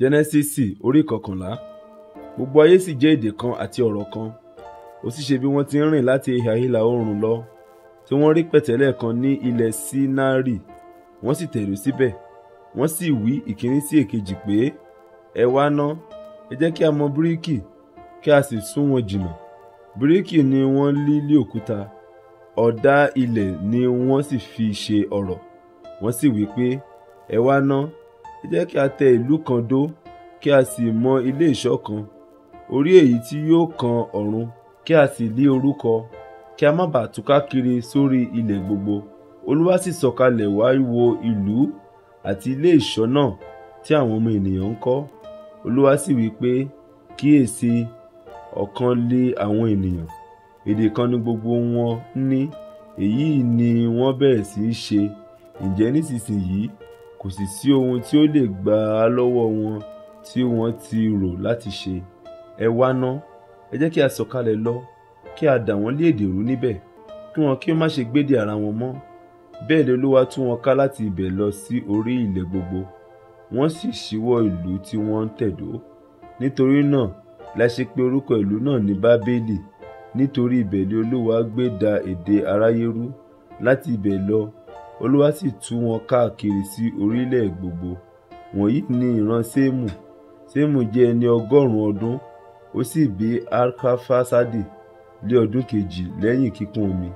jẹnẹsísì orí kọkànlá gbogbo ayé sì jẹ́ èdè kan àti ọ̀rọ̀ kan ó sì ṣe bí wọ́n ti ń rìn láti ìhà ìlà oòrùn lọ tí wọ́n rí pẹ̀tẹ́lẹ̀ kan ní ilẹ̀ Sínárì wọ́n sì tẹ̀dó síbẹ̀ wọ́n sì wí ìkíní sí èkejì pé ẹ wá ná ẹ jẹ́ kí a mọ bíríkì kí a sì sún wọn jìnnà bíríkì ni wọ́n lí lí òkúta ọ̀dà ilẹ̀ ni wọ́n sì fi ṣe ọ̀rọ̀ wọ́n sì wí pé ẹ wá ná ẹ jẹ́ kí a tẹ ìlú kan dó kí a sì mọ ilé ìṣọ́ kan orí èyí tí yóò kan ọ̀run kí a sì lé orúkọ kí a má bàa túká kiri sórí ilẹ̀ gbogbo olúwa sì sọ̀kalẹ̀ wá wo ìlú àti ilé ìṣọ́ náà tí àwọn ọmọ ènìyàn ń kọ́ olúwa sì wí pé kíyèsí ọ̀kan lé àwọn ènìyàn èdè kan ní gbogbo wọn ní èyí ni wọ́n bẹ̀rẹ̀ sí í ṣe ǹjẹ́ nísinsìnyí kò sì sí ohun tí ó lè gbà á lọ́wọ́ wọn tí wọ́n ti rò láti ṣe ẹ wá ná ẹ jẹ́ kí a sọ̀kalẹ̀ lọ kí a dà wọ́n lé èdè rú níbẹ̀ kí wọn kí ó má ṣe gbédè ara wọn mọ́ bẹ́ẹ̀ ni olúwa tú wọn ká láti ibẹ̀ lọ sí orí ilẹ̀ gbogbo wọ́n sì ṣíwọ́ ìlú tí wọ́n ń tẹ̀dó nítorí náà la ṣe pè orúkọ ìlú náà ní bábélì nítorí ibẹ̀ ni olúwa gbé da èdè aráyé rú láti ibẹ̀ lọ olúwa sì tú wọn káàkiri sí orílẹ̀ gbogbo wọ̀nyí ni ìran séèmù séèmù jẹ́ ẹni ọgọ́rùn-ún ọdún ó sì bí arkafasadi lé ọdún kejì lẹ́yìn kíkún omi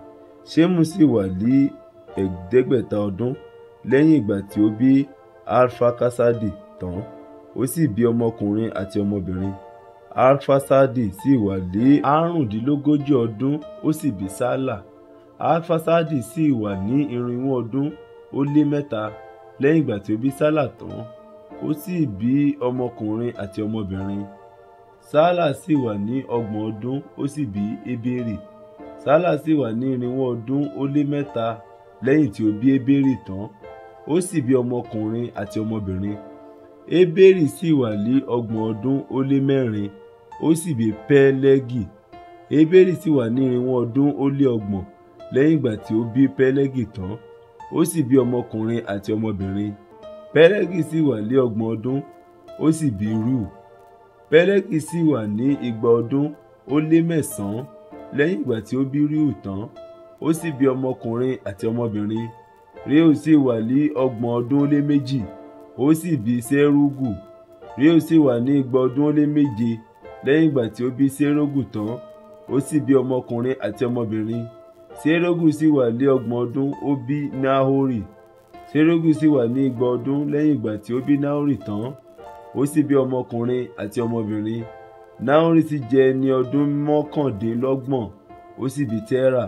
séèmù sì wà ní ẹ̀ẹ́dẹ́gbẹ̀ta ọdún lẹ́yìn ìgbà tí ó bí arfakasadi tán ó sì bí ọmọkùnrin àti ọmọbìnrin arfasadi sì wà ní àrùndínlógójì ọdún ó sì bí sálà alfaṣádì sì wà ní irinwó ọdún ó lé mẹ́ta lẹ́yìn ìgbà tí ó bí sálà tán ó sì bí ọmọkùnrin àti ọmọbìnrin sálà sì wà ní ọgbọ̀n ọdún ó sì bí ébérì sálà sì wà ní irinwó ọdún ó lé mẹ́ta lẹ́yìn tí ó bí ébérì tán ó sì bí ọmọkùnrin àti ọmọbìnrin ébérì sì wà ní ọgbọ̀n ọdún ó lé mẹ́rin ó sì bí pẹ́ẹ́lẹ́gì ébérì sì wà ní irinwó ọdún ó lé ọgbọ̀n lẹ́yìn ìgbà tí ó bí pẹ́lẹ́gì tán ó sì bí ọmọkùnrin àti ọmọbìnrin pẹ́lẹ́gì sì wà lé ọgbọ̀n ọdún ó sì bí rúù pẹ́lẹ́gì sì wà ní igba ọdún ó lé mẹ́sàn-án lẹ́yìn ìgbà tí ó bí rúù tán ó sì bí ọmọkùnrin àti ọmọbìnrin rúù sì wà lé ọgbọ̀n ọdún ó lé méjì ó sì bí sẹ́rúgù rúù sì wà ní igba ọdún ó lé méje lẹ́yìn ìgbà tí ó bí sẹ́rúgù tán ó sì bí ọmọkùnrin àti ọmọbìnrin serogu sì wà ní ọgbọ̀n ọdún ó bí nahori serogu sì wà ní igba ọdún lẹ́yìn ìgbà tí ó bí nahori tán ó sì bí ọmọkùnrin àti ọmọbìnrin nahori sì jẹ́ ẹni ọdún mọ́kàndínlọ́gbọ̀n ó sì bí tẹ́rà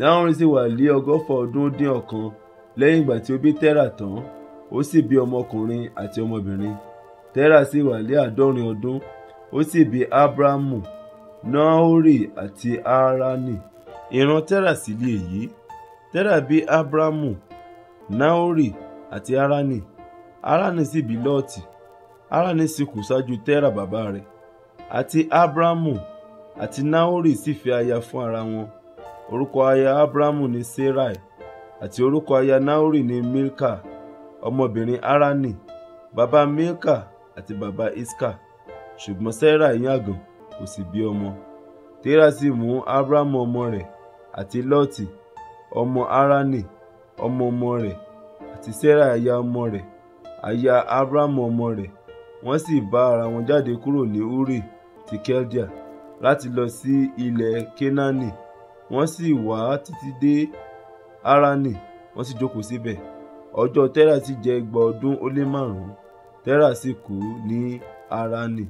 nahori sì wà ní ọgọ́fà ọdún dín ọ̀kan lẹ́yìn ìgbà tí ó bí tẹ́rà tán ó sì bí ọmọkùnrin àti ọmọbìnrin tẹ́rà sì wà ní àádọ́rin ọdún ó sì bí abrahamu nahori àti harani ìran tẹ́rà sì lè yí tẹ́rà bí ábúrámù náórì àti harani harani sì bí lọ́ọ̀tì harani sì kú ṣáájú tẹ́rà bàbá rẹ̀ àti ábúrámù àti náórì sì fẹ́ aya fún ara wọn orúkọ aya ábúrámù ni sarai àti orúkọ aya Naori ni milka ọmọbìnrin Arani, bàbá milka àti bàbá iska ṣùgbọ́n sarai yàgàn kò sì bí ọmọ tẹ́rà sì mú ábúrámù ọmọ rẹ̀ àti lọ́ọ̀tì ọmọ harani ọmọ ọmọ rẹ̀ àti sarah aya ọmọ rẹ̀ aya abrahamu ọmọ rẹ̀ wọ́n sì bá ara wọn jáde kúrò ní uri ti keldia láti lọ sí ilẹ̀ kenani wọ́n sì wá títí dé harani wọ́n sì jókòó síbẹ̀ ọjọ́ tẹ́rà sì jẹ́ igba ọdún ó lé márùn-ún tẹ́rà sì kú ní harani.